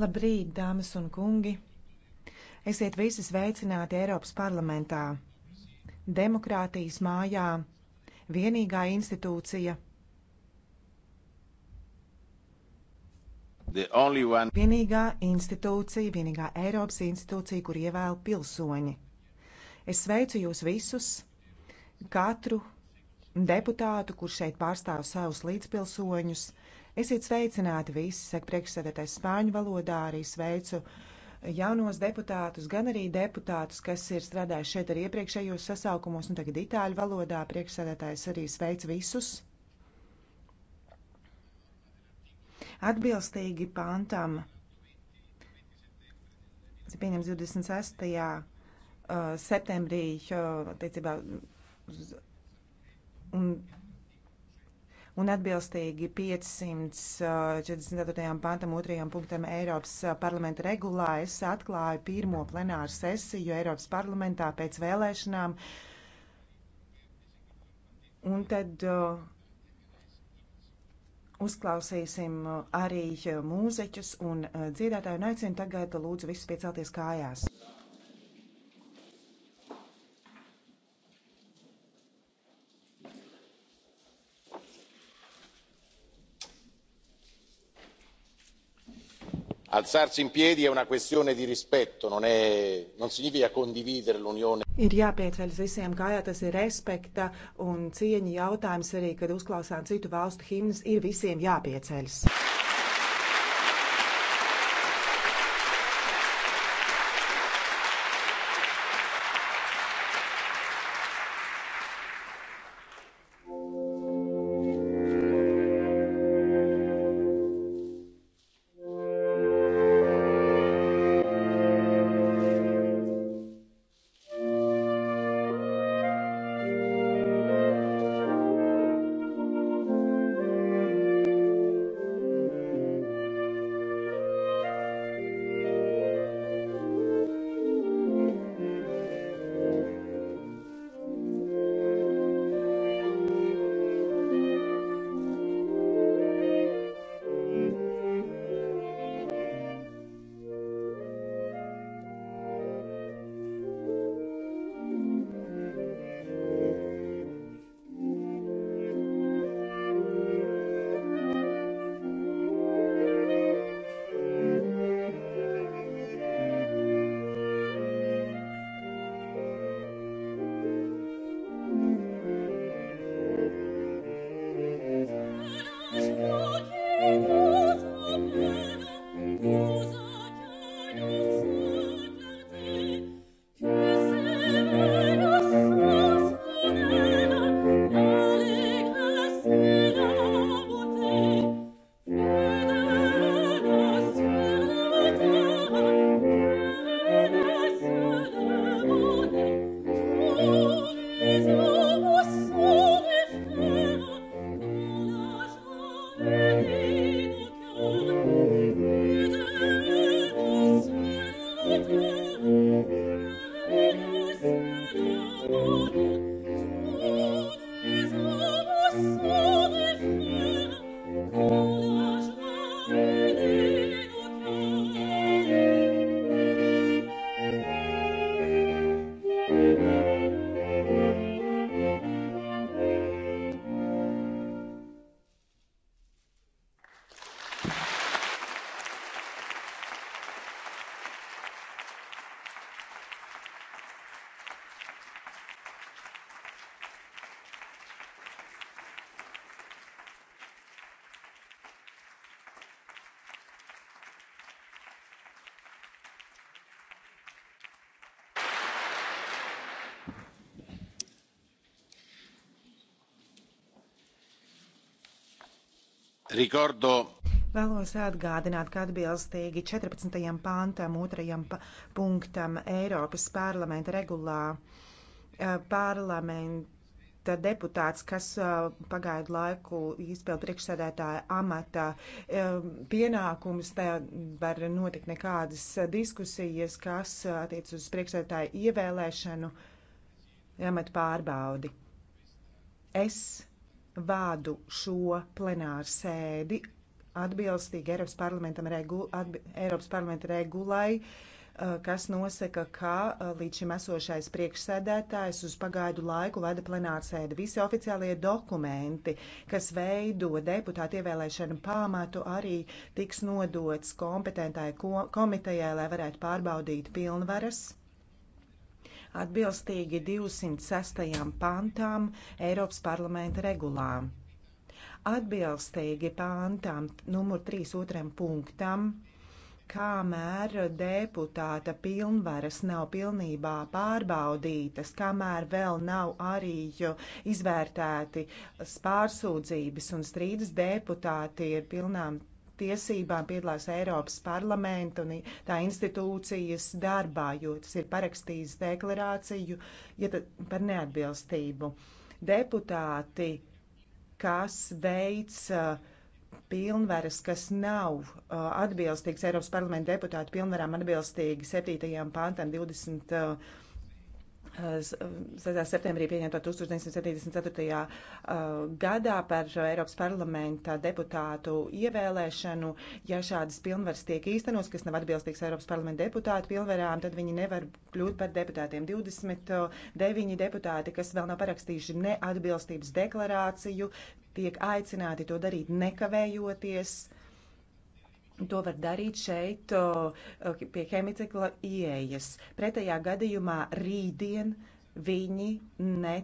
Labrīt, dāmas un kungi! Esiet visi sveicināti Eiropas parlamentā, demokrātijas mājā, vienīgā institūcija. Vienīgā institūcija, vienīgā Eiropas institūcija, kur ievēl pilsoņi. Es sveicu jūs visus, katru deputātu, kurš šeit pārstāv savus līdzpilsoņus, Esiet sveicināti visi, saka priekšsēdētājs spāņu valodā, arī sveicu jaunos deputātus, gan arī deputātus, kas ir strādājuši šeit arī iepriekšējos sasaukumos, un tagad itāļu valodā priekšsēdētājs arī sveic visus. Atbilstīgi pantam, pieņems 26. Uh, septembrī, uh, attiecībā uz un un atbilstīgi 544. Uh, pantam otrajam punktam Eiropas uh, parlamenta regulā es atklāju pirmo plenāru sesiju Eiropas parlamentā pēc vēlēšanām. Un tad uh, uzklausīsim uh, arī mūzeķus un dziedātāju un aicinu tagad lūdzu visus piecelties kājās. alzarsi in piedi è una questione di rispetto, non, è, non significa condividere l'unione. Ir jāpieceļas visiem kājā, tas ir respekta un cieņa jautājums arī, kad uzklausām citu valstu himnas, ir visiem jāpieceļas. Ricordo. Vēlos atgādināt, ka atbilstīgi 14. pantam, 2. punktam Eiropas parlamenta regulā eh, parlamenta deputāts, kas eh, pagaidu laiku izpildu priekšsēdētāja amata eh, pienākumus, tā var notikt nekādas diskusijas, kas attiec uz priekšsēdētāju ievēlēšanu amata pārbaudi. Es vādu šo plenāru sēdi atbilstīgi Eiropas parlamenta, regul, atbi, Eiropas parlamenta regulai, uh, kas nosaka, ka uh, līdz šim esošais priekšsēdētājs uz pagaidu laiku vada plenārsēdi. Visi oficiālie dokumenti, kas veido deputātu ievēlēšanu pamatu, arī tiks nodots kompetentai komitejai, lai varētu pārbaudīt pilnvaras atbilstīgi 206. pantām Eiropas parlamenta regulā. Atbilstīgi pantām numur 3 otram punktam kamēr deputāta pilnvaras nav pilnībā pārbaudītas, kamēr vēl nav arī izvērtēti pārsūdzības un strīdas, deputāti ir pilnām tiesībām piedalās Eiropas parlamenta un tā institūcijas darbā, jo tas ir parakstījis deklarāciju ja par neatbilstību. Deputāti, kas veic pilnvaras, kas nav atbilstīgas Eiropas parlamenta deputātu pilnvarām atbilstīgi 7. pantam 20. 6. Eh, eh, septembrī pieņemto 1974. Eh, gadā par Eiropas parlamenta deputātu ievēlēšanu. Ja šādas pilnvaras tiek īstenos, kas nav atbilstīgs Eiropas parlamenta deputātu pilnvarām, tad viņi nevar kļūt par deputātiem. 29 deputāti, kas vēl nav parakstījuši neatbilstības deklarāciju, tiek aicināti to darīt nekavējoties. To var darīt šeit pie ķemicikla ieejas. Pretējā gadījumā rītdien viņi ne,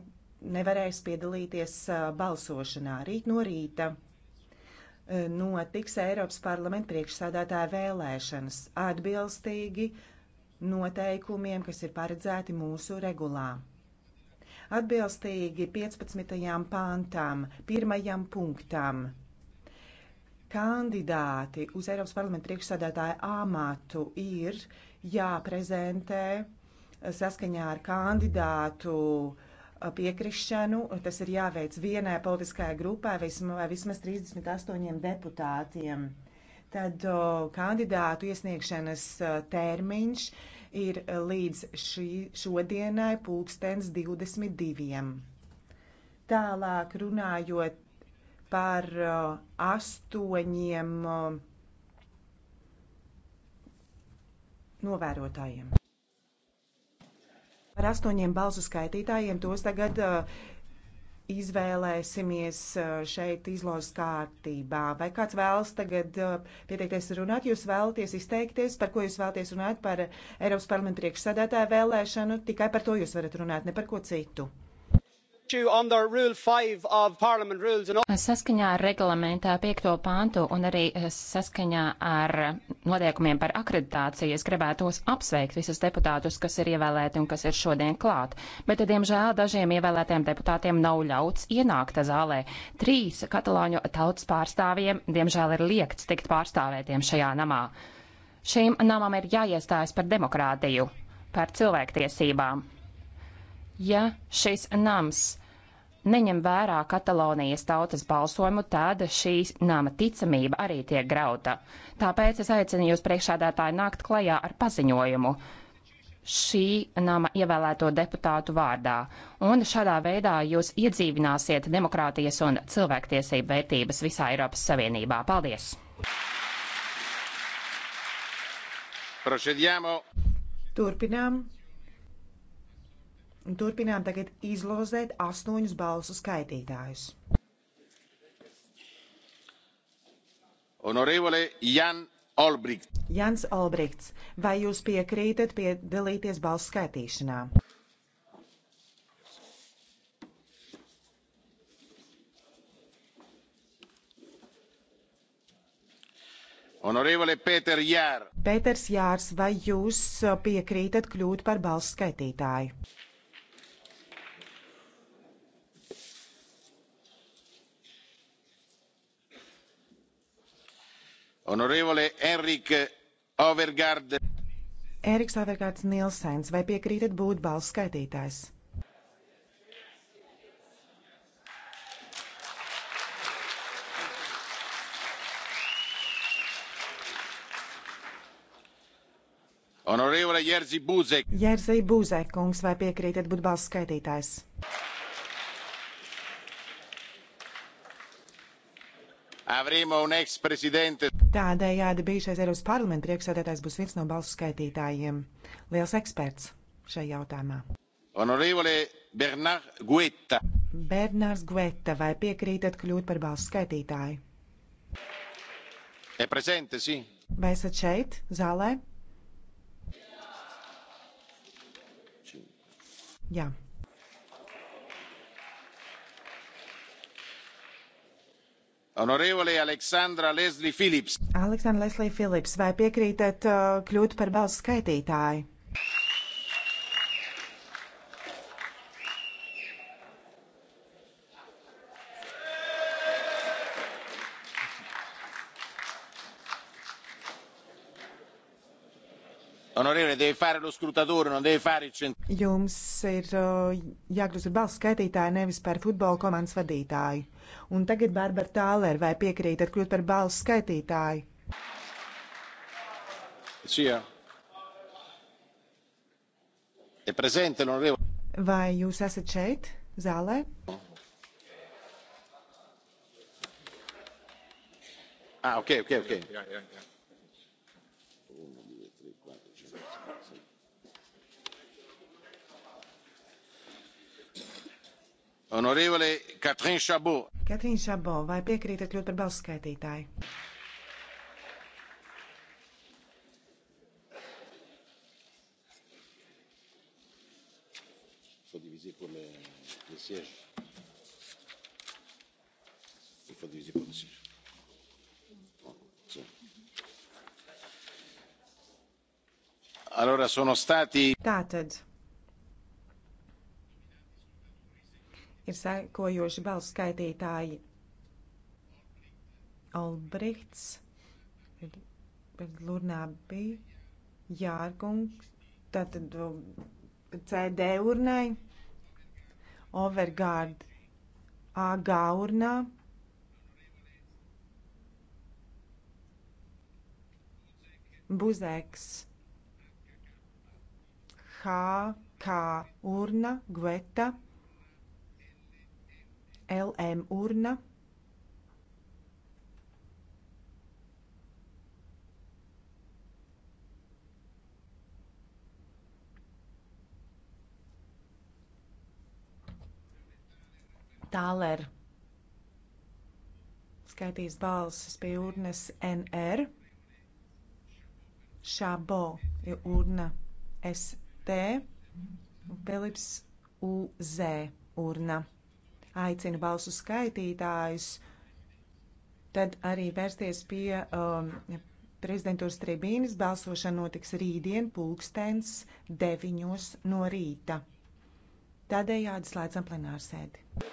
nevarēs piedalīties balsošanā. Rīt no rīta e, notiks Eiropas parlamenta priekšsādātāja vēlēšanas atbilstīgi noteikumiem, kas ir paredzēti mūsu regulā. Atbilstīgi 15. pāntām, pirmajam punktam Kandidāti uz Eiropas parlamenta priekšsādātāja amatu ir jāprezentē saskaņā ar kandidātu uh, piekrišanu. Tas ir jāveic vienai politiskajai grupai vai vismaz 38 deputātiem. Tad o, kandidātu iesniegšanas uh, termiņš ir uh, līdz šī, šodienai pulkstens 22. Tālāk runājot par uh, astoņiem uh, novērotājiem. Par astoņiem balsu skaitītājiem tos tagad uh, izvēlēsimies uh, šeit izlozes kārtībā. Vai kāds vēlas tagad pieteikties runāt? Jūs vēlaties izteikties, par ko jūs vēlaties runāt? Par Eiropas parlamenta priekšsēdētāju vēlēšanu? Tikai par to jūs varat runāt, ne par ko citu. Saskaņā ar reglamentā 5. pāntu un arī eh, saskaņā ar noteikumiem par akreditāciju es gribētos apsveikt visus deputātus, kas ir ievēlēti un kas ir šodien klāt. Bet, eh, diemžēl, dažiem ievēlētiem deputātiem nav ļauts ienākt zālē. Trīs katalāņu tautas pārstāvjiem, diemžēl, ir liekts tikt pārstāvētiem šajā namā. Šīm namām ir jāiestājas par demokrātiju, par cilvēktiesībām ja šis nams neņem vērā Katalonijas tautas balsojumu, tad šī nama ticamība arī tiek grauta. Tāpēc es aicinu jūs priekšādātāji nākt klajā ar paziņojumu šī nama ievēlēto deputātu vārdā, un šādā veidā jūs iedzīvināsiet demokrātijas un cilvēktiesību vērtības visā Eiropas Savienībā. Paldies! Procediamo. Turpinām. Turpinām tagad izlozēt astoņus balsu skaitītājus. Honorevole Jan Olbricht. Jans Olbrichts, vai jūs piekrītat piedalīties balsu skaitīšanā? Honorevole Pēter Jār. Pēters Jārs, vai jūs piekrītat kļūt par balsu skaitītāju? Honorevole Henrik Overgard. Eriks Overgārds Nilsens, vai piekrītat būt balss skaitītājs? Honorevole Jerzy Buzek. Jerzy Buzek, kungs, vai piekrītat būt balss skaitītājs? Tādējādi bijušais Eiropas parlamenta priekšsēdētājs būs viens no balsu skaitītājiem. Liels eksperts šajā jautājumā. Honorevole Bernard Guetta. Bernārs Guetta, vai piekrītat kļūt par balsu skaitītāju? E presente, sì. Vai esat šeit, zālē? Jā. Aleksandra Leslija Filips. Aleksandra Leslija Filips, vai piekrītat uh, kļūt par balsu skaitītāju? deve fare lo scrutatore, non deve fare il centrale. Jums ir uh, jākļūst par balss skaitītāju, nevis par futbola komandas vadītāju. Un tagad Barbara Tāler, vai piekrītat kļūt par balss skaitītāju? Sia. E presente, onorevole. Vai jūs esat šeit, zālē? Ah, ok, ok, ok. Yeah, yeah, yeah. Honorevole Katrīna Šabo. Katrīna Šabo, vai piekrītat kļūt par balsu skaitītāju? faut diviser pour le, le siège. Il faut diviser pour le siège. Allora sono stati. Tātad. ir sekojoši balss skaitītāji. Albrihts, Lurnābī, Jārkungs, tātad um, CD urnai, Overgārd AG urnā. Buzēks HK urna, Gveta LM urna. Tāler skaitīs balsis pie urnas NR. Šābo ir urna ST. Pelips UZ urna aicina balsu skaitītājus, tad arī vērsties pie um, prezidentūras tribīnas. Balsošana notiks rītdien pulkstens deviņos no rīta. Tādējādi slēdzam plenārsēdi.